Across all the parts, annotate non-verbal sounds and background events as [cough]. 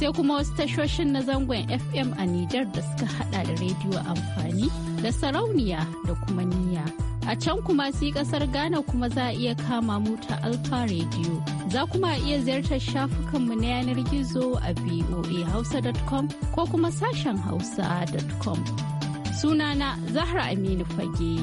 sai kuma wasu tashoshin na zangon fm a Nijar da suka hada da rediyo amfani da sarauniya da kuma niyya a can kuma si kasar ghana kuma za a iya kama mu ta alfa rediyo za kuma a iya ziyartar shafukanmu na yanar gizo a voahausa.com ko kuma sashen hausa.com sunana zahra aminu fage.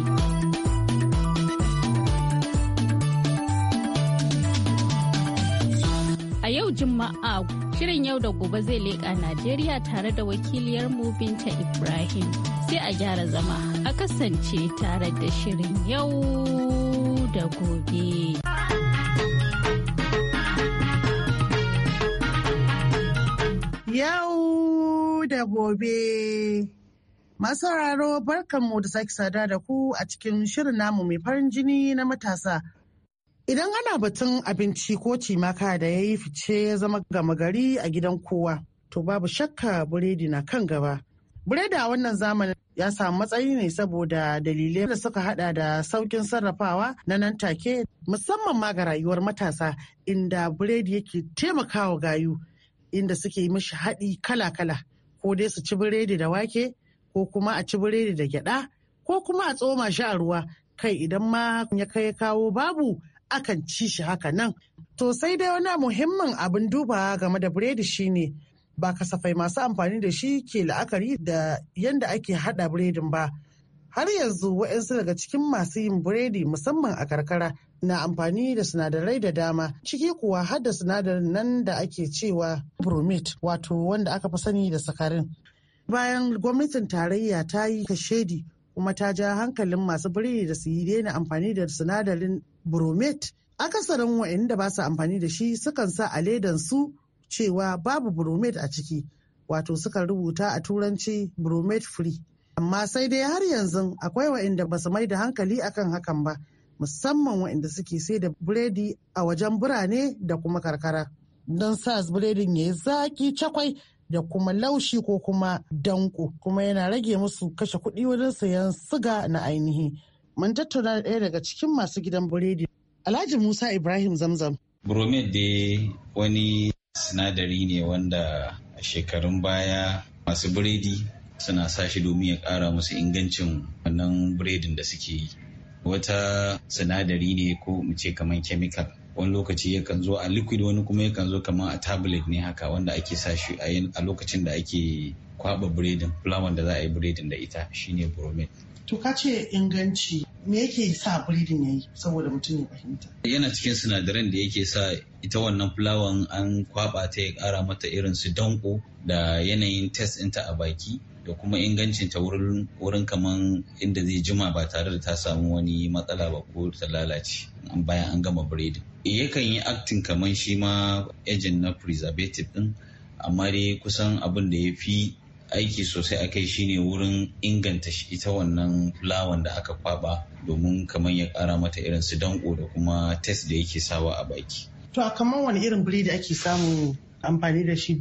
a yau juma'a Shirin yau da gobe zai leƙa Najeriya tare da wakiliyarmu Binta Ibrahim. Sai a gyara zama a kasance tare da shirin yau da gobe. Yau da gobe. Masu sauraro barkanmu da sake sada da ku a cikin shirin namu mai farin jini na matasa. Idan ana batun abinci ko cimaka da ya yi fice ya zama gama gari a gidan kowa, to babu shakka buredi na kan gaba. Buredi a wannan zamanin ya samu matsayi ne saboda dalilai da suka hada da saukin sarrafawa na nan take musamman ma ga rayuwar matasa inda buredi yake taimakawa gayu inda suke yi mishi haɗi kala-kala ko dai su ci buredi da wake ko kuma a ci buredi da gyada ko kuma a tsoma shi a ruwa kai idan ma ya kai kawo babu akan ci shi haka nan. To sai dai wani muhimmin abin duba game da biredi shine ba kasafai masu amfani da shi ke la'akari da yadda ake hada biredin ba. Har yanzu waɗansu daga cikin masu yin biredi musamman a karkara na amfani da sinadarai da dama ciki kuwa har sinadarin nan da ake cewa bromate wato wanda aka fi sani da sakarin. Bayan gwamnatin tarayya ta yi kashedi kuma ta ja hankalin masu biredi da su yi daina amfani da sinadarin bromate akasarin waɗanda ba su amfani da shi sukan sa a ledan su cewa babu bromate a ciki wato sukan rubuta a turanci bromate free amma sai dai har yanzu akwai waɗanda ba su mai da hankali akan hakan ba musamman waɗanda suke sai da biredi a wajen birane da kuma karkara don sa biredin ya yi zaki cakwai da kuma laushi ko kuma danko kuma yana rage musu kashe kuɗi wajen sayan siga na ainihi mun tattauna ɗaya daga cikin masu gidan buredi alhaji musa ibrahim zamzam bromid dai wani sinadari ne wanda a shekarun baya masu biredi suna sa shi domin ya ƙara musu ingancin wannan biredin da suke yi wata sinadari ne ko mu ce kamar chemical wani lokaci yakan zo a liquid wani kuma yakan zo kamar a tablet ne haka wanda ake sa shi a lokacin da ake kwaba biredin fulawan da za a yi biredin da ita shine bromid To ka ce inganci me yake sa breeding yi saboda mutum ya fahimta? Yana cikin sinadaran da yake sa ita wannan fulawan an kwaba ta ya kara mata irin su danko da yanayin test ɗinta a baki da kuma ingancin ta wurin kaman inda zai jima ba tare da ta samu wani matsala ba ko ta lalace bayan an gama breeding. Yakan yi acting kaman shi ma ejin na preservative ɗin, amma dai kusan abin da ya fi aiki sosai a kai shine wurin inganta shi ita wannan fulawan da aka kwaba domin kamar ya kara mata irin su danko da kuma test da yake sawa a baki. To a kamar wani irin biredi ake samun amfani da shi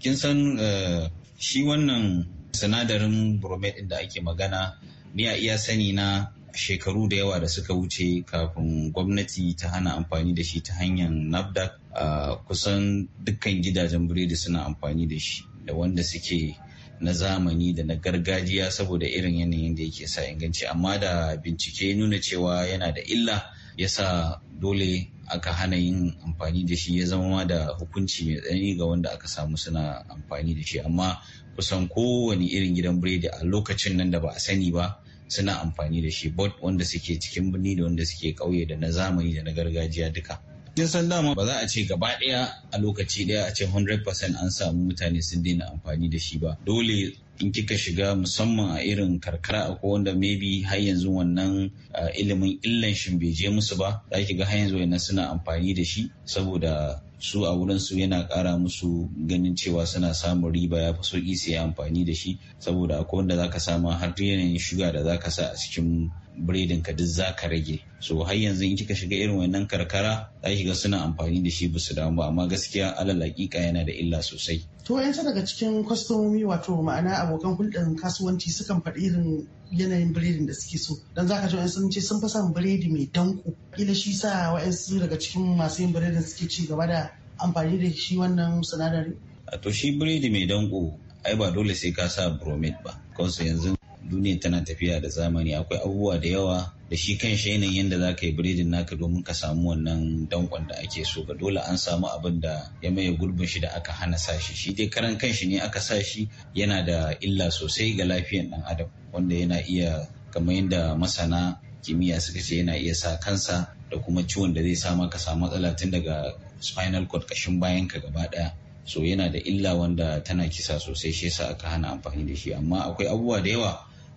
Kin san eh, shi wannan sinadarin bromate da ake magana ni a iya sani na shekaru da yawa da suka wuce kafin gwamnati ta hana amfani da shi ta hanyar nafdac ah, kusan dukkan gidajen biredi suna amfani da shi da wanda suke na zamani da na gargajiya saboda irin yanayin da yake sa inganci amma da bincike nuna cewa yana da illa ya sa dole aka hana yin amfani da shi ya zama ma da hukunci mai tsanani ga wanda aka samu suna amfani da shi amma kusan kowane irin gidan biredi a lokacin nan da ba a sani ba suna amfani da shi bot wanda suke cikin birni da wanda suke ƙauye da na zamani da na gargajiya duka. kin san dama ba za a ce gaba ɗaya a lokaci ɗaya a ce 100% an samu mutane sun daina amfani da shi ba dole in kika shiga musamman a irin karkara a ko wanda maybe har yanzu wannan ah, ilimin illan shi bai je musu ba za ki ga har yanzu suna amfani da shi saboda su a wurin su yana kara musu ganin cewa suna samun riba ya fi sauki su yi amfani da shi saboda akwai wanda zaka sama har yanayin shuga da zaka sa a cikin biredin ka duk za ka rage so har yanzu in kika shiga irin wannan karkara za ki ga suna amfani da shi basu damu amma gaskiya alal hakika yana da illa sosai to yanzu daga cikin kwastomomi wato ma'ana abokan hulɗar kasuwanci sukan faɗi irin yanayin biredin da suke so dan zaka ji sun ce sun fi son biredi mai danko kila shi sa wa'ansu daga cikin masu yin biredin suke ci gaba da amfani da shi wannan sinadari to shi biredi mai danko ai ba dole sai ka sa bromate ba kansu yanzu duniyar tana tafiya da zamani akwai abubuwa da yawa da shi kan shi yanayin yadda za ka yi biredin naka domin ka samu wannan dankon da ake so ga dole an samu abin da ya maye gurbin shi da aka hana sa shi Shi dai karan kan shi ne aka sa shi yana da illa sosai ga lafiyan dan adam wanda yana iya kamar yadda masana kimiyya suka ce yana iya sa kansa da kuma ciwon da zai sa maka samu matsala tun daga spinal cord kashin bayan ka gaba daya so yana da illa wanda tana kisa sosai shi yasa aka hana amfani da shi amma akwai abubuwa da yawa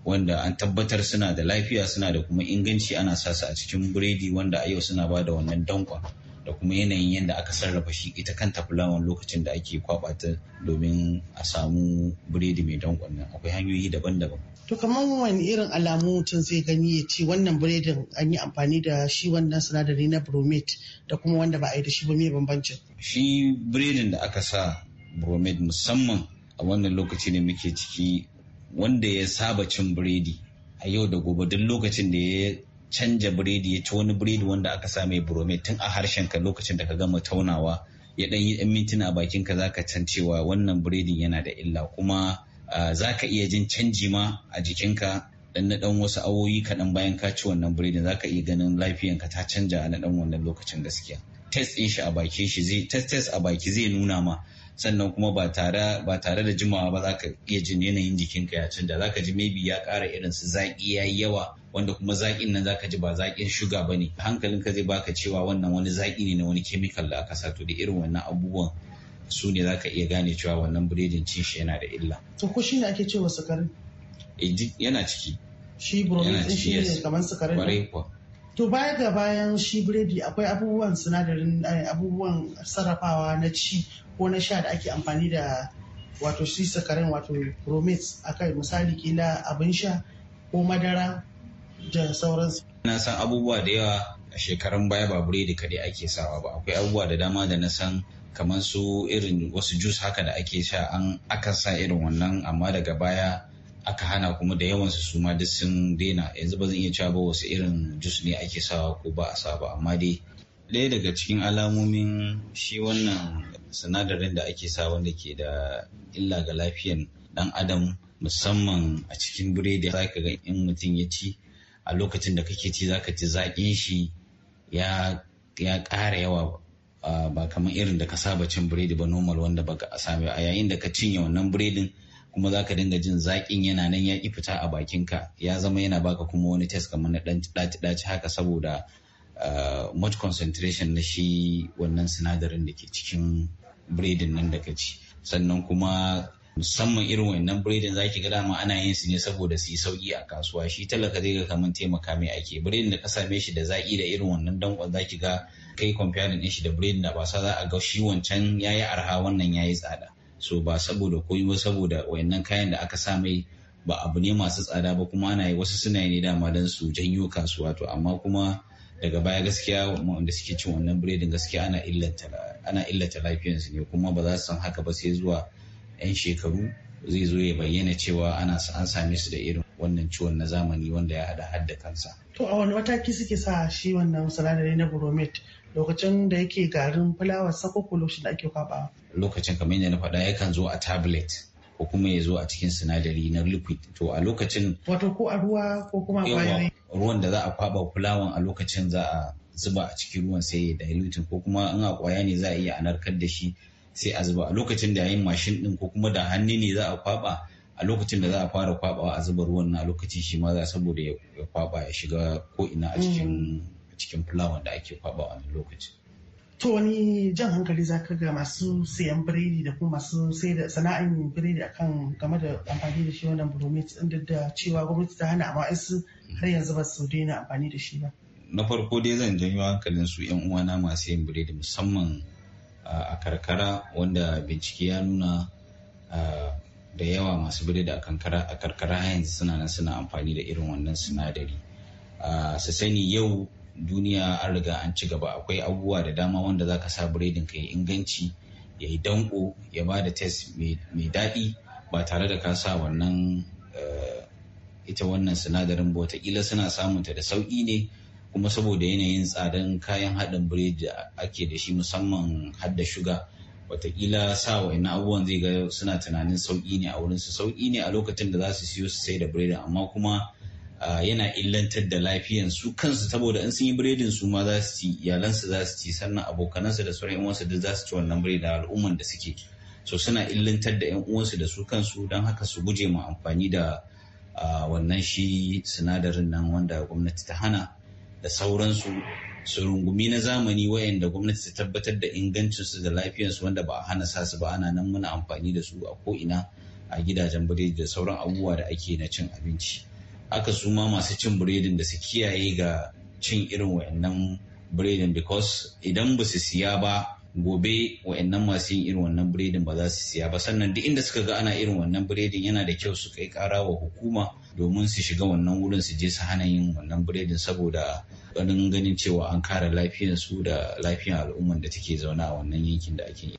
wanda an tabbatar suna da lafiya suna da kuma inganci ana sa su a cikin biredi wanda a yau suna ba da wannan dankwa da kuma yanayin yadda aka sarrafa shi ita kanta fulawan lokacin da ake kwaba ta domin a samu biredi mai dankwa nan akwai hanyoyi daban-daban to kamar wani irin alamu mutum zai gani ya ce wannan biredin an yi amfani da shi wannan sinadari na bromate da kuma wanda ba a yi da shi ba mai bambancin shi biredin da aka sa bromate musamman a wannan lokaci ne muke ciki wanda ya saba cin biredi a yau da gobe duk lokacin da ya canja biredi ya ci wani biredi wanda aka sa mai bromate tun a harshen ka lokacin da ka gama taunawa ya dan yi dan mintuna bakin ka zaka san cewa wannan biredin yana da illa kuma zaka iya jin canji ma a jikinka dan na dan wasu awoyi kaɗan bayan ka ci wannan biredin zaka iya ganin ka ta canja a na dan wannan lokacin gaskiya test din shi a baki shi zai test test a baki zai nuna ma sannan kuma ba tare ba tare da jimawa ba za ka iya jin yanayin jikinka ya canza za ka ji maybe ya ƙara irin su zaƙi ya yi yawa wanda kuma zaƙin nan za ka ji ba zaƙin shuga ba ne hankalinka zai baka cewa wannan wani zaƙi ne na wani kemikal da aka sato da irin wannan abubuwan su ne za ka iya gane cewa wannan biredin cin shi yana da illa. To ko ne ake cewa sukari? Eh, yana ciki. Shi bromine shi ne kamar sukari. kuwa. To baya ga bayan shi biredi akwai abubuwan sinadarin eh, abubuwan sarrafawa na ci ko na sha da ake amfani da wato shi sakarin wato bromates akai misali kila abin sha ko madara da sauransu. Na san abubuwa da yawa a shekarun baya ba biredi kadai ake sawa ba akwai abubuwa da dama da na san kamar su irin wasu jus haka da ake sha an akan sa irin wannan amma daga baya aka hana kuma da yawan su suma duk sun daina yanzu ba zan iya cewa ba wasu irin jus ne ake sawa ko ba a sa ba amma dai ɗaya daga cikin alamomin shi wannan sinadarin da ake sa wanda ke da illa ga lafiyan dan adam musamman a cikin biredi za ka ga in mutum ya ci a lokacin da kake ci za ka ci zaƙin shi ya ƙara yawa ba kamar irin da ka saba cin biredi ba normal wanda ba ka sami a yayin da ka cinye wannan biredin kuma za ka dinga jin zaƙin yana nan ya ƙi fita a bakinka ya zama yana baka kuma wani test kamar na ɗaci-ɗaci haka saboda ah, much concentration na shi wannan sinadarin da ke cikin biredin nan da ka ci sannan kuma musamman irin wannan biredin za ki ga dama ana yin su ne saboda su yi sauki a kasuwa shi talaka zai ga kamar taimaka mai ake biredin da ka same shi da zaƙi da irin wannan dankon za ki ga kai comparing din shi da biredin da ba sa za a ga shi wancan yayi arha wannan yayi tsada so ba saboda koyi ba saboda wayannan kayan da aka sa mai ba abu ne masu tsada ba kuma ana yi wasu suna yi ne dama don su janyo kasuwa to amma kuma daga baya gaskiya wanda suke cin wannan biredin gaskiya ana illata ana illata ne kuma ba za su san haka ba sai zuwa 'yan shekaru zai zo ya bayyana cewa ana an same su da irin wannan ciwon na zamani wanda ya hada hadda kansa. To a wani mataki suke sa shi wannan sinadari na bromate lokacin da yake garin fulawa sako ko lokacin da ake kwaba? Lokacin kamar yadda na faɗa yakan zo a tablet ko kuma ya zo a cikin sinadari na liquid to a lokacin. Wato ko a ruwa ko kuma a Ruwan da za a kwaba fulawan a lokacin za a zuba a cikin ruwan sai ya diluting ko kuma in a kwaya ne za a iya anarkar da shi sai a zuba a lokacin da yayin mashin din ko kuma da hannu ne za a kwaba a lokacin da za a fara kwabawa a zuba ruwan na lokacin shi ma za saboda ya kwaba ya shiga ko ina a cikin cikin fulawan da ake kwaba a lokacin to wani jan hankali za ka ga masu sayan biredi da kuma masu sai da sana'an biredi akan game da amfani da shi wannan bromate din da cewa gwamnati ta hana amma su har yanzu ba su daina amfani da shi ba na farko dai zan janyo hankalin su yan uwana masu yin biredi musamman a karkara wanda bincike ya nuna da yawa masu biredi a karkara yanzu suna nan suna amfani da irin wannan sinadari su sani yau duniya an riga an ci gaba akwai abubuwa da dama wanda za ka sa biredin ka yi inganci ya yi danko ya ba da test mai daɗi ba tare da ka sa wannan ita wannan sinadarin ba watakila suna samunta da sauƙi ne kuma saboda yanayin tsadan kayan haɗin biredi da ake da shi musamman hadda shuga watakila sa wa'ina abubuwan zai ga suna tunanin sauƙi ne a wurinsu sauƙi ne a lokacin da za su siyo su sai da biredi amma kuma yana illantar da lafiyan su kansu saboda in sun yi biredin su ma za su ci iyalansu za su ci sannan abokanansu da sauran uwansu duk za su ci wannan biredin al'umman da suke so suna illantar da yan uwansu da su kansu don haka su guje ma amfani da wannan shi sinadarin nan wanda gwamnati ta hana da sauransu su rungumi na zamani wayanda gwamnati su tabbatar da ingancinsu da lafiyarsu wanda ba a hana sa su ba ana nan muna amfani da su a ko'ina a gidajen biredi da sauran abubuwa da ake na cin abinci aka su ma masu cin biredin da su kiyaye ga cin irin wayannan biredin because idan ba su siya ba gobe wa'annan masu yin irin wannan biredin ba za su siya ba sannan duk inda suka ga ana irin wannan biredin yana da kyau su kai kara wa hukuma domin su shiga wannan wurin su je su hana yin wannan biredin saboda ganin ganin cewa an kare lafiyar su da lafiyar al'ummar da take zaune a wannan yankin da ake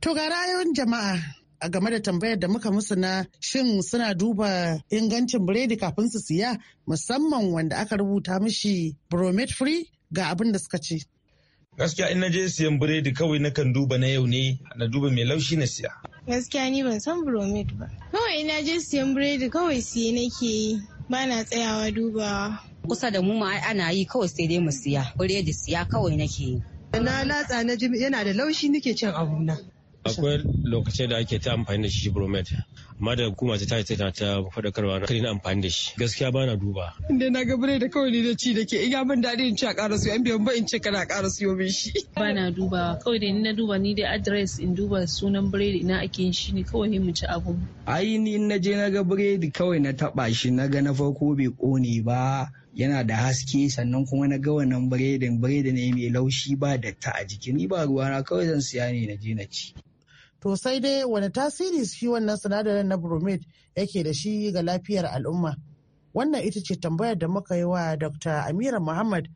to ga ra'ayoyin jama'a a game da tambayar da muka musu na shin suna duba ingancin biredi kafin su siya musamman wanda aka rubuta mishi bromate free ga abin da suka ce Gaskiya in na je siyan biredi kawai na kan duba na yau ne na duba mai laushi na siya. Gaskiya ni ban san bromid ba. Kawai na je siyan biredi kawai siye nake yi ba na tsayawa dubawa. Kusa da mu ma ana yi kawai sai dai mu siya biredi siya kawai nake yi. Na latsa na ji yana da laushi nake cin abu na. akwai lokacin da ake ta amfani da shi bromet amma da hukuma ta ta tana ta faɗakarwa na na amfani da shi gaskiya bana duba inda na ga da kawai ne da ci da ke iya min daɗi in ci a ƙara su, in biyan ba in ce kana ƙara siyo min shi [laughs] bana duba kawai da ni na duba ni dai address in duba sunan biredi na ake yin shi ne kawai ne mu ci abu ai ni in na je na ga biredi kawai na taɓa shi na ga na farko bai ƙone ba yana da haske sannan kuma na ga wannan biredin biredi ne mai laushi ba datta a jiki ni ba ruwa na kawai zan siya ne na je na ci To sai dai wani tasiri shi wannan sinadarin na Bromid yake da shi ga lafiyar al'umma? Wannan ita ce tambayar da muka yi wa Dr. Amira Muhammad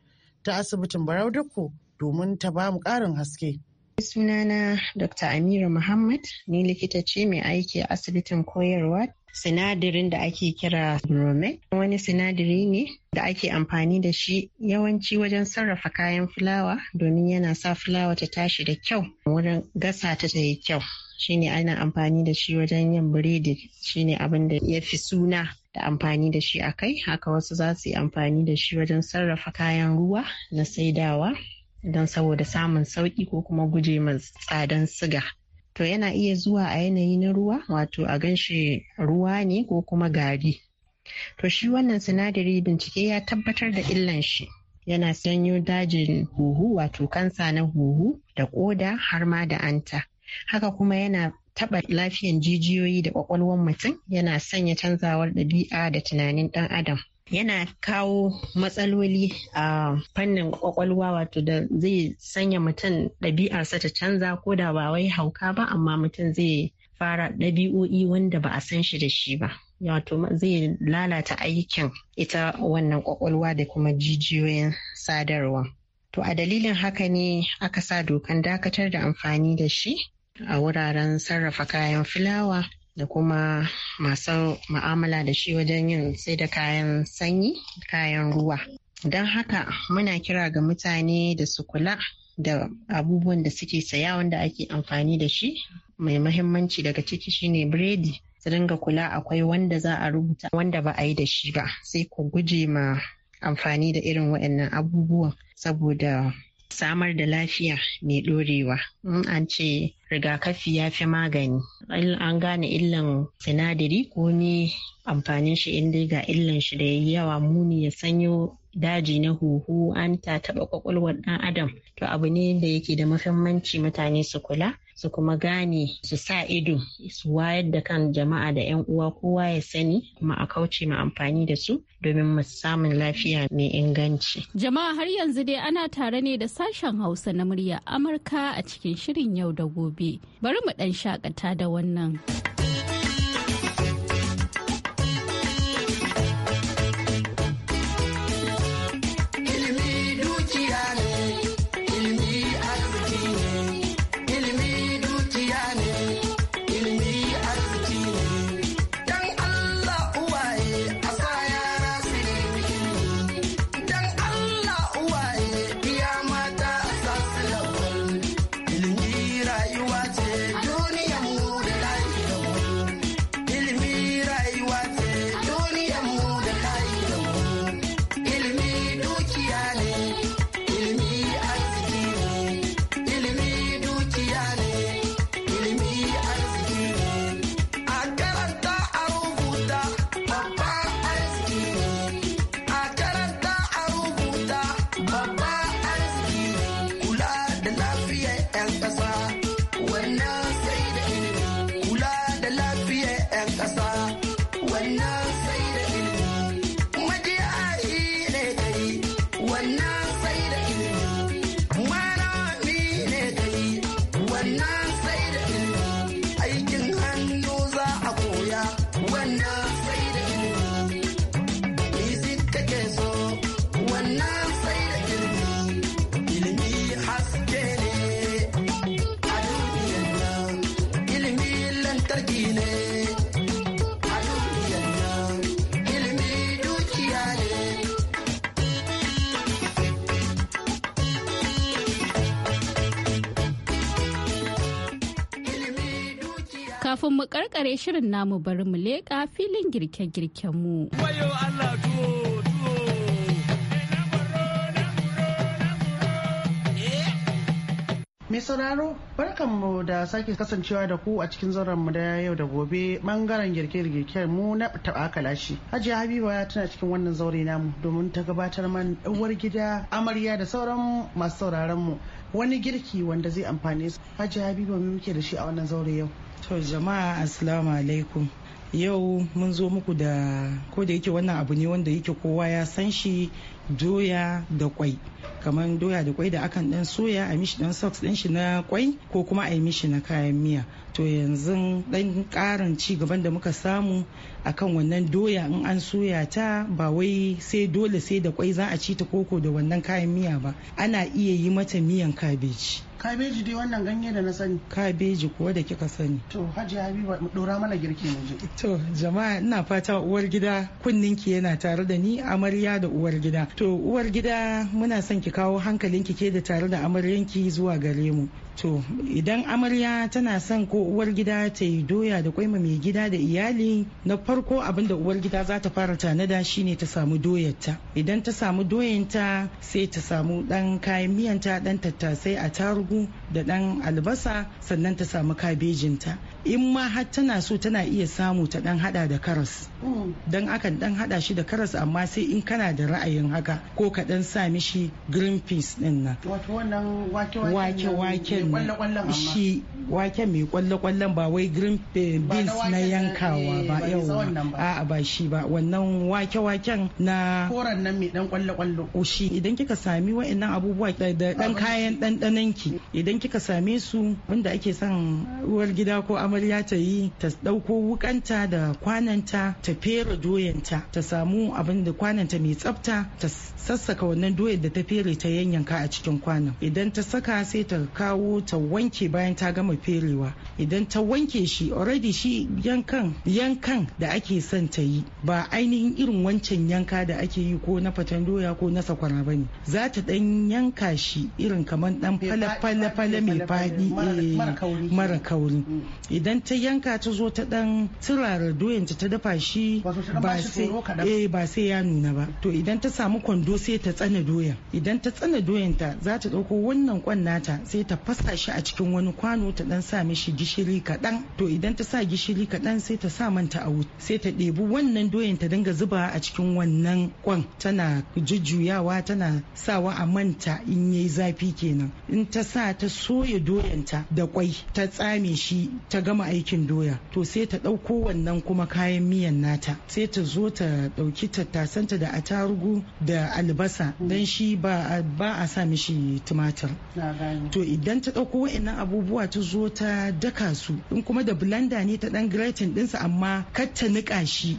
ta asibitin Barau Dukku domin ta bamu ƙarin haske. Sunana Dr. Amira Muhammad ni likita ce mai aiki a asibitin koyarwa Sinadirin da ake kira bromate wani sinadiri ne da ake amfani da shi yawanci wajen sarrafa kayan fulawa domin yana sa fulawa ta tashi da kyau wurin gasa ta ta yi kyau shine ana amfani da shi wajen yin biredi shine abin da ya fi suna da amfani da shi a kai haka wasu za su yi amfani da shi wajen sarrafa kayan ruwa na saidawa don saboda samun sauƙi ko kuma guje ma tsadan siga to yana iya zuwa a yanayi na ruwa wato a ganshi ruwa ne ko kuma gari to shi wannan sinadari bincike ya tabbatar da illan shi yana sanyo dajin huhu wato kansa na huhu da koda har ma da anta haka kuma yana taɓa lafiyan jijiyoyi da ƙwaƙwalwar mutum yana sanya canzawar ɗabi'a da tunanin ɗan adam yana kawo matsaloli a fannin kwakwalwa wato da zai sanya mutum ɗabi'arsa ta canza ko da ba wai hauka ba amma mutum zai fara ɗabi'o'i wanda ba a san shi da shi ba wato zai lalata aikin ita wannan kwakwalwa da kuma jijiyoyin sadarwa to a dalilin haka ne aka sa dokan dakatar da amfani da shi a wuraren sarrafa kayan fulawa da kuma masu ma'amala da shi wajen yin sai da kayan sanyi kayan ruwa don haka muna kira ga mutane da su kula da abubuwan da suke saya wanda ake amfani da shi mai mahimmanci daga ciki shine biredi su dinga kula akwai wanda za a rubuta wanda ba a yi da shi ba sai ku guje ma amfani da irin waɗannan abubuwan saboda samar da lafiya mai ɗorewa. In an ce rigakafi ya fi magani, an gane illan sinadari ko ne amfanin shi inda ga illan shi da ya yawa muni ya sanyo daji na huhu an ta taɓa kwakwalwar ɗan adam to abu ne da yake da muhimmanci mutane su kula su kuma gane su sa ido su wayar da kan jama'a da 'yan uwa kowa ya sani kuma a kauce ma amfani da su domin mu samun lafiya mai inganci. Jama'a har yanzu dai ana tare ne da sashen Hausa na murya Amurka a cikin shirin yau da gobe. Bari mu ɗan shakata da wannan. Kafin mu karkare shirin namu bari mu leƙa filin girke-girken mu. Mai sauraro barkanmu da sake kasancewa da ku a cikin mu da yau da gobe bangaren girke-girken mu na taba kalashi. Hajiya Habiba tana cikin wannan zaure namu domin ta gabatar man uwar gida amarya da sauran masu sauraron mu wani girki wanda zai amfane su. Hajiya Habiba muke da shi a wannan zaure yau. To jama'a assalamu alaikum. Yau mun zo muku da ko da yake wannan abu ne wanda yake kowa ya san shi doya da kwai. kamar doya da kwai da akan dan soya a mishi dan socks din shi na kwai ko kuma a mishi na kayan miya to yanzu dan karin ci gaban da muka samu akan wannan doya in an soya ta ba wai sai dole sai da kwai za a ci ta koko da wannan kayan miya ba ana iya yi mata miyan kabeji kabeji dai wannan ganye da na sani kabeji kuwa da kika sani to hajji habiba dora mana girki mu je to jama'a ina fata uwar gida kunninki yana tare da ni amarya da uwar gida to uwar gida muna son ki kawo hankalinki ke da tare da amaryanki zuwa gare mu to idan amarya tana son ko uwar gida ta yi doya da kwaima mai gida da iyali na farko abin da uwar gida za ta fara tanada shine ta samu doyarta idan ta samu doyanta sai ta samu dan kayan miyanta ɗan tattasai a tarugu da ɗan albasa sannan ta samu kabejinta in ma har tana so tana iya samu ta dan hada da karas mm. dan akan dan hada shi da karas amma sai in kana da ra'ayin haka ko ka dan sa mishi green peas din nan wato wannan wake waken shi waken mai kwalle kwallen ba wai green beans na yankawa ba eh, yawa a'a ba shi ba wannan wake waken na koran nan mai dan kwalle kwallo shi idan kika sami wa'annan abubuwa da dan kayan dandanan ki idan kika same su wanda ake son uwar gida ko amarya ta yi ta ɗauko wukanta da kwananta ta fere doyanta ta samu abin da kwananta mai tsafta ta sassaka wannan doyar da ta fere ta yanyanka a cikin kwanan idan ta saka sai ta kawo ta wanke bayan ta gama ferewa idan ta wanke shi already shi yankan yankan da ake son ta yi ba ainihin irin wancan yanka da ake yi ko na fatan doya ko na sakwara ba ne za ta dan yanka shi irin kamar ɗan fale fale mai faɗi eh, mara kauri mm. idan ta yanka ta zo ta dan turara doyanta ta dafa shi eh, ba sai ya nuna ba to idan ta samu kwando sai ta tsana doyan idan ta tsana doyanta za ta ɗauko wannan kwan nata sai ta fasa shi a cikin wani kwano ta dan sa mishi gishiri kaɗan to idan ta sa gishiri kaɗan sai ta sa manta a wuta sai ta ɗebi wannan doyan ta dinga zuba a cikin wannan kwan tana jujjuyawa tana sawa a manta in yayi zafi kenan in ta sa ta soya doyanta da kwai ta tsame shi ta gama aikin doya to sai ta ɗauko wannan kuma kayan miyan nata sai ta zo ta ɗauki tattasanta da atarugu da albasa don shi ba a sa mishi tumatir to idan ta ɗauko wa'annan abubuwa ta zo ta daka su in kuma da blanda ne ta ɗan gratin ɗinsa amma kar ta niƙa shi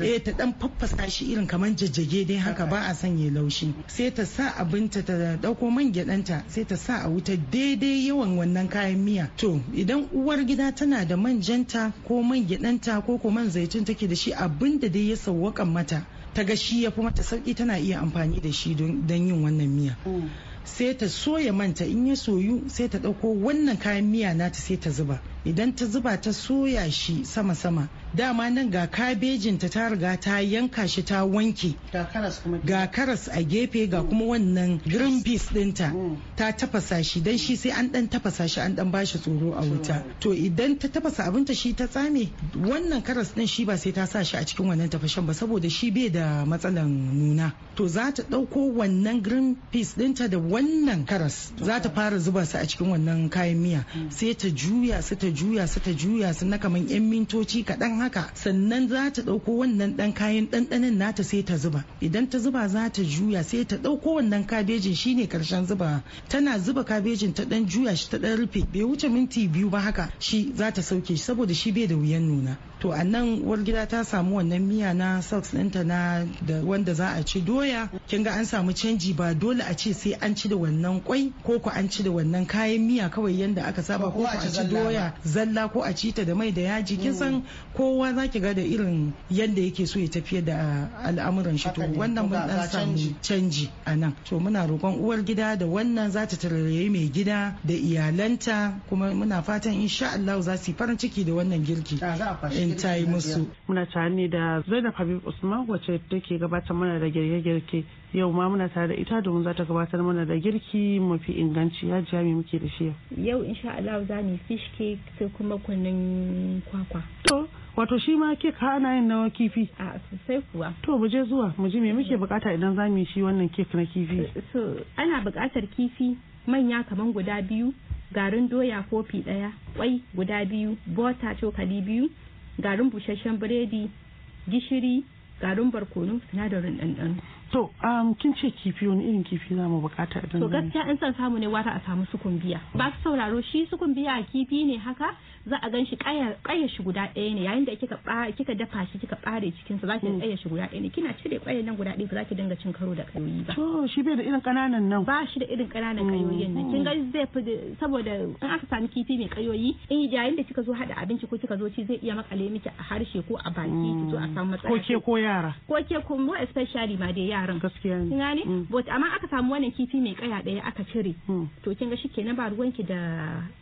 eh ta dan faffasa shi irin kamar jajjage dai haka ba a sanya laushi sai ta sa abinta ta ɗauko man gyaɗanta sai ta sa a wuta daidai yawan wannan kayan miya to idan uwar gida tana da man janta ko man gidanta ko ko man zaitun take da shi abin da dai ya sauwakan mata ta ga shi ya fi mata sauki tana iya amfani da shi don yin wannan miya mm. sai ta soya manta in ya soyu sai ta ɗauko wannan kayan miya nata sai ta zuba idan ta zuba ta soya shi sama-sama dama nan ga kabejinta ta riga ta yanka shi ta wanke ga karas a gefe ga kuma wannan green peas dinta mm. ta tafasa shi dan shi sai an dan tafasa shi an dan bashi tsoro a wuta to idan ta tafasa abinta shi ta tsame wannan karas din shi ba sai ta sa shi a cikin wannan tafashen ba saboda shi bai da matsalan nuna to za ta dauko wannan green peas dinta da wannan karas za ta fara zuba su a cikin wannan kayan miya sai ta juya su ta juya su ta juya su na kaman yan mintoci kaɗan haka sannan za ta ɗauko wannan ɗan kayan ɗanɗanin nata sai ta zuba idan ta zuba za ta juya sai ta ɗauko wannan kabejin shine karshen zuba tana zuba kabejin ta ɗan juya shi ta ɗan rufe bai wuce minti biyu ba haka shi za ta sauke shi saboda shi bai da wuyan nuna to a nan uwargida ta samu wannan miya na socks ɗinta na da wanda za a ci doya kin ga an samu canji ba dole a ce sai an ci da wannan kwai ko ku an ci da wannan kayan miya kawai yanda aka saba ko a ci doya zalla ko a ci ta da mai da yaji kin san mm. kowa ki ga da irin yadda yake so ya tafiyar da uh, al'amuran shi to wannan mun dan samu canji a nan to muna roƙon uwar gida da wannan za ta tarayyayi mai gida da iyalanta kuma muna fatan insha Allah za su yi farin ciki da wannan girki ta yi musu. Muna tare ne da Zainab Habib Usman wacce take gabatar mana da girke-girke. Yau ma muna tare da ita domin za ta gabatar mana da girki mafi inganci ya ji muke da shi yau. Yau insha Allah za mu fish cake sai kuma kunun kwakwa. To wato shi ma kek ana yin nawa kifi. A sosai kuwa. To mu je zuwa mu ji me muke bukata idan za mu yi shi wannan kek na kifi. So ana bukatar kifi manya kaman guda biyu garin doya kofi ɗaya kwai guda biyu bota cokali biyu garin busasshen biredi gishiri garin barkono sinadarin ɗanɗano to um, kin ce kifi wani irin kifi za mu bukata idan to gaskiya in san samu ne wata a samu sukun biya. ba su sauraro shi sukun biya kifi ne haka za a gan shi kayar shi guda ɗaya ne yayin da kika kika dafa shi kika bare cikin sa zaki kayar mm. shi guda ɗaya ne kina cire kayar nan guda ɗaya ba zaki dinga cin karo da kayoyi ba to shi bai da irin kananan nan ba shi da irin kananan kayoyin nan kin ga mm. zai fi saboda in aka sami kifi mai kayoyi in eh, yayin da kika zo hada abinci ko kika zo ci zai iya makale miki a harshe ko a baki ki zo a samu matsala ko ke ko yara ko ke ko especially ma dai yaran gaskiya ne gane mm. but amma aka samu wannan kifi mai kaya daya aka cire mm. to kin ga shikenan ba ruwanki da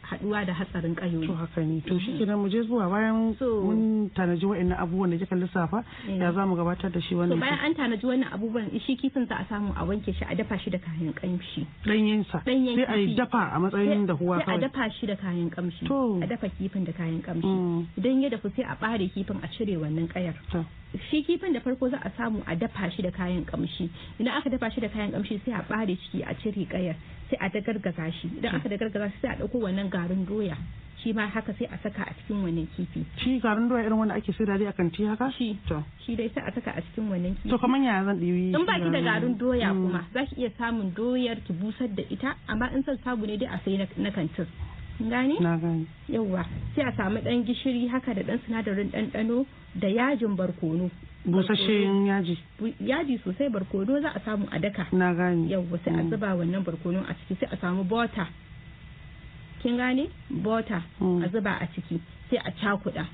haduwa da hatsarin kayo to haka ne to mm. shikenan mu je zuwa bayan mun tanaji wa'annan abubuwan da kika lissafa eh. ya za mu gabatar da shi wannan to bayan an tanaji wannan abubuwan shi kifin za a samu a wanke shi a dafa shi da kayan kamshi danyen sa sai a dafa a matsayin da huwa kawai sai a dafa shi da kayan kamshi a dafa kifin da kayan kamshi idan ya dafu sai a bare kifin a cire wannan kayar shi kifin da farko za a samu a dafa shi da kayan kamshi kamshi idan aka dafa shi da kayan kamshi sai a bare ciki a cire kayar sai a dagargaza shi idan aka dagargaza shi sai a dauko wannan garin doya shi ma haka sai a saka a cikin wannan kifi shi garin doya irin wanda ake saida dai akan kanti haka shi to shi dai sai a saka a cikin wannan kifi to kaman yaya zan diwi in ba ki da garin doya hmm. kuma za ki iya samun doyar ki busar da ita amma in son samu ne dai a sai na kantin gani na gani yawa sai a samu dan gishiri haka da dan sinadarin ɗanɗano da yajin barkono busasshen yaji yaji sosai barkono za a samu a daka na gane yau sai a mm. zuba wannan barkono a ciki sai a samu bota kin gane bota mm. a zuba a ciki sai a cakuda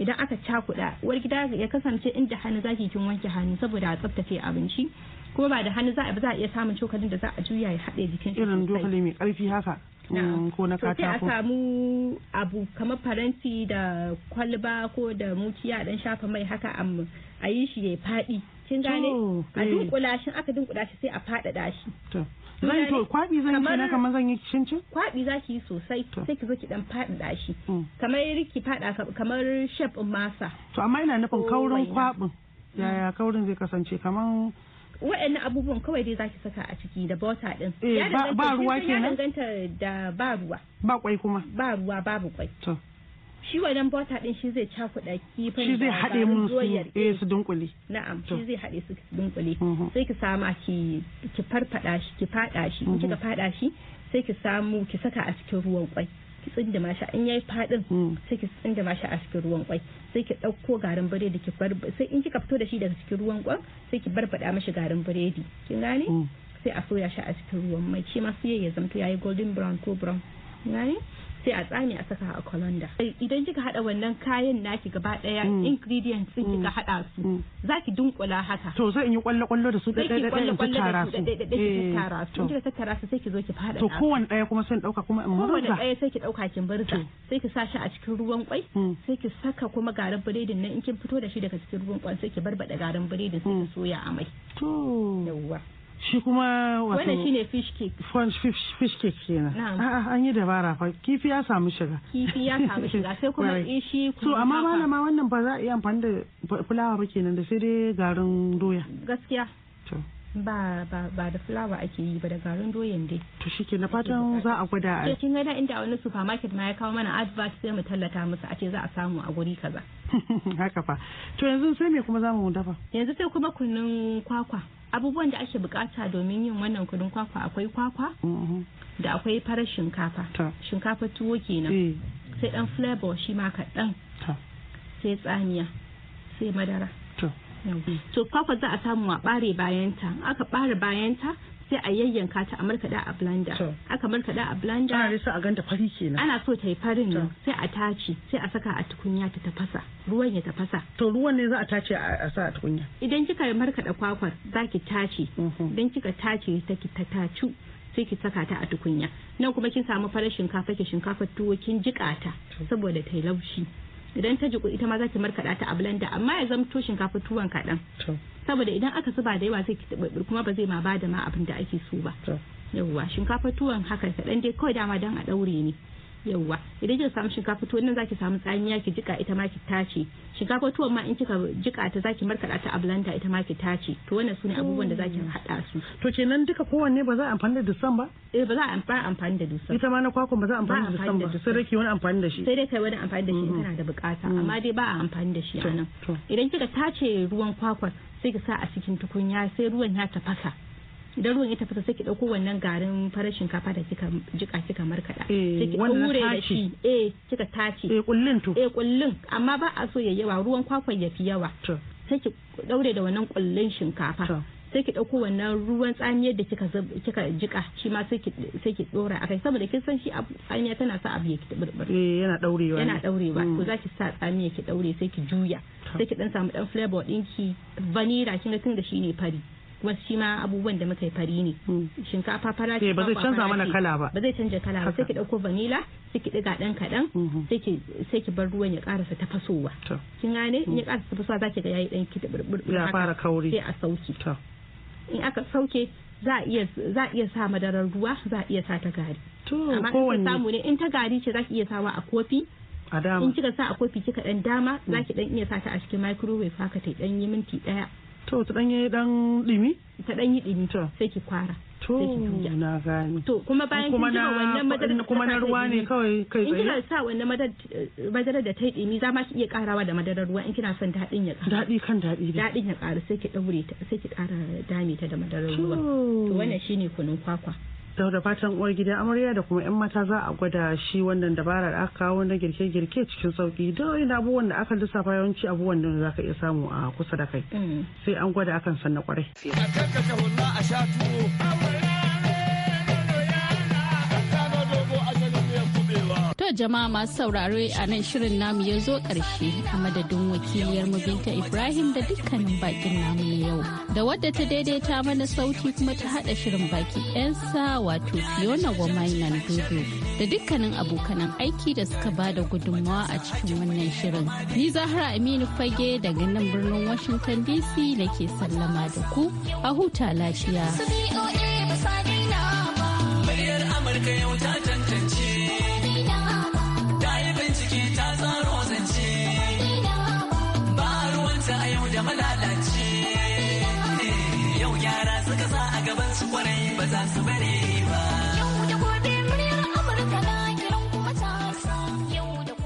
idan aka cakuda uwar gida ya kasance inda hannu zaki kin wanke hannu saboda a tsaftace abinci kuma ba da hannu za a iya samun cokalin da za a juya ya haɗe jikin irin dokali mai karfi haka Mm, ko na katako. sai a samu abu kamar faranti da kwalba ko da muciya dan shafa mai haka a yi shi ya faɗi. kin gane a eh. dunkula shi aka dunkula shi sai a faɗaɗa shi zan to kwaɓi zan yi kenan kamar zan yi cincin Kwaɓi za ki yi sosai sai ki zo ki dan faɗaɗa shi mm. kamar riki faɗa kamar shef masa to amma ina nufin oh, kaurin kwaɓin. yaya kaurin zai kasance kamar wa'annan abubuwan kawai dai zaki saka a ciki da bota din eh, ba ruwa kenan ya danganta da ba ruwa ba kwai kuma ba ruwa babu kwai to shi wannan bota din shi zai cakuɗa kifin shi zai haɗe mun su eh, eh su dunkule na'am shi zai haɗe su dunkule mm-hmm. sai ki sama ki ki farfada shi ki fada shi kika mm-hmm. fada shi sai ki samu ki saka a cikin ruwan kwai tsindima shi in yayi fadin mm. sai ki tsindima shi a cikin ruwan kwai sai ki dauko garin biredi ki bar sai in kika fito da shi daga cikin ruwan kwan sai ki barbada mashi garin biredi kin gane mm. sai a soya shi a cikin ruwan mai shi ma sai ya zamto yayi golden brown ko brown gane sai a tsame a saka a colander mm. idan kika hada wannan kayan naki gaba daya mm. ingredients din kika mm. hada su zaki dunkula haka to zan yi kwallo kwallo da su da da da tattara su eh, tattara su kika tattara su sai ki zo ki fada to kowanne daya kuma sai dauka kuma in murza kowanne daya sai ki dauka kin burza sai ki sa a cikin ruwan kwai sai ki saka kuma garin biredin nan in kin fito da shi daga cikin ruwan kwai sai ki barbada garin biredin sai ki soya a mai to yawwa shi kuma wato wannan shine fish cake french fish cake kenan a'a an yi dabara fa kifi ya samu shiga kifi ya samu shiga sai kuma shi so amma malama wannan ba za a iya amfani da fulawa ba kenan da sai dai garin doya gaskiya ba ba ba da fulawa ake yi ba da garin doyan dai to shike na fatan za a gwada a cikin ga inda wani supermarket ma ya kawo mana advert sai mu tallata musu a ce za a samu a guri kaza [laughs] haka fa to yanzu sai me kuma zamu dafa yanzu sai kuma kunnin kwakwa abubuwan da ake bukata domin yin wannan kudin kwakwa akwai kwakwa mhm. da akwai farar shinkafa shinkafa tuwo kenan eh. sai dan flavor shi ma kaɗan sai tsamiya sai madara to kwakwa za a samu a bare bayanta aka bare bayanta sai a yayyanka ta a markada a blender aka markada a blender ana so a ganta fari kenan ana so ta yi farin nan sai a tace sai a saka a tukunya ta tafasa ruwan ya tafasa to ruwan ne za a tace a sa a tukunya idan kika markada kwakwar zaki tace mm-hmm. idan kika tace ta ki ta tacu sai ki saka ta a tukunya nan kuma kin samu farashin shinkafa ki shinkafa tuwo kin jika ta saboda ta yi laushi idan ta jiku ita ma za ta markaɗa ta a blender amma ya zamto shinkafa tuwon kaɗan saboda idan aka zuba da yawa zai ki kuma ba zai ma ba da ma abin da ake so ba yawwa shinkafa tuwon haka kaɗan dai kawai dama don a ɗaure ne yawwa idan kika samu shinkafa tuwo nan zaki samu tsamiya ki jika ita ma ki tace shinkafa tuwon ma in kika jika ta zaki markaɗa ta a blender ita ma ki tace to wannan sune abubuwan da zaki oh. haɗa su to kenan duka kowanne ba za a amfani da dusan ba eh ba za a amfani amfani da dusan ita ma na kwakwan ba za a amfani da dusan ba sai dai ki wani amfani da shi sai dai kai wani amfani da shi mm-hmm. kana da bukata mm. amma dai ba a amfani da shi anan idan kika tace ruwan kwakwan sai ka sa a cikin tukunya sai ruwan ya tafasa idan ruwan ya tafasa sai ki dauko wannan garin farar shinkafa da kika jika kika markada eh, sai ki daure da shi eh kika tace eh kullun to eh kullun amma ba a so yayyawa ruwan kwakwan ya fi yawa sai ki daure da wannan kullun shinkafa sai ki dauko wannan ruwan tsamiyar da kika kika jika shi ma sai ki sai ki dora akai saboda kin san shi tsamiya tana sa abu ya ki burbur eh yana daurewa yana daurewa to mm. zaki sa tsamiyar ki daure sai ki juya sai ki dan samu dan flavor dinki vanilla kin ga tun da shi ne fari wasu shi ma abubuwan da muka yi fari ne hmm. shinkafa fara ce eh, ba zai canza mana kala ba ba zai canza kala ba sai ki dauko vanilla sai ki diga dan kadan hmm. sai ki sai ki bar ruwan ya karasa tafasowa kin gane in ya karasa hmm. tafasowa zaki ga yayi dan ki ya fara kauri sai a sauki in aka sauke za a iya sa madarar ruwa za a iya sa ta gari amma samu ne in ta gari ce za ki iya sawa a kofi in kika sa a kofi kika dan dama za ki dan iya sa ta a cikin microwave haka ta dan yi minti daya to ta dan yi dan dimi ta dan yi dimi to sai ki kwara to na gani to kuma bayan kin jima wannan madarar kuma na ruwa ne kawai kai in kina sa wannan eh, madarar da ta yi ɗimi, za ma ki iya karawa da madarar ruwa in kina son dadin ya kara dadi kan dadi dadin ya kara sai ki daure ta sai ki kara dame ta da madarar ruwa to wannan shine kunun kwakwa da fatan uwar gida amarya da kuma 'yan mata za a gwada shi wannan dabarar aka kawo na girke-girke cikin sauki don ina abubuwan da aka lissafa yawanci abubuwan da za ka iya samu a kusa da kai mm. sai an gwada akan sannan kwarai. jama'a masu saurare a nan shirin namu ya zo ƙarshe a madadin wakiliyar Binta Ibrahim da dukkanin bakin namu na yau. Da wadda ta daidaita mana sauti kuma ta haɗa shirin baki sa wato Fiona Wamainan Dodo da dukkanin abokan aiki da suka ba da gudunmawa a cikin wannan shirin. Ni Zahra Aminu Fage daga nan birnin Washington DC nake sallama da ku a huta lafiya. Amurka yau ta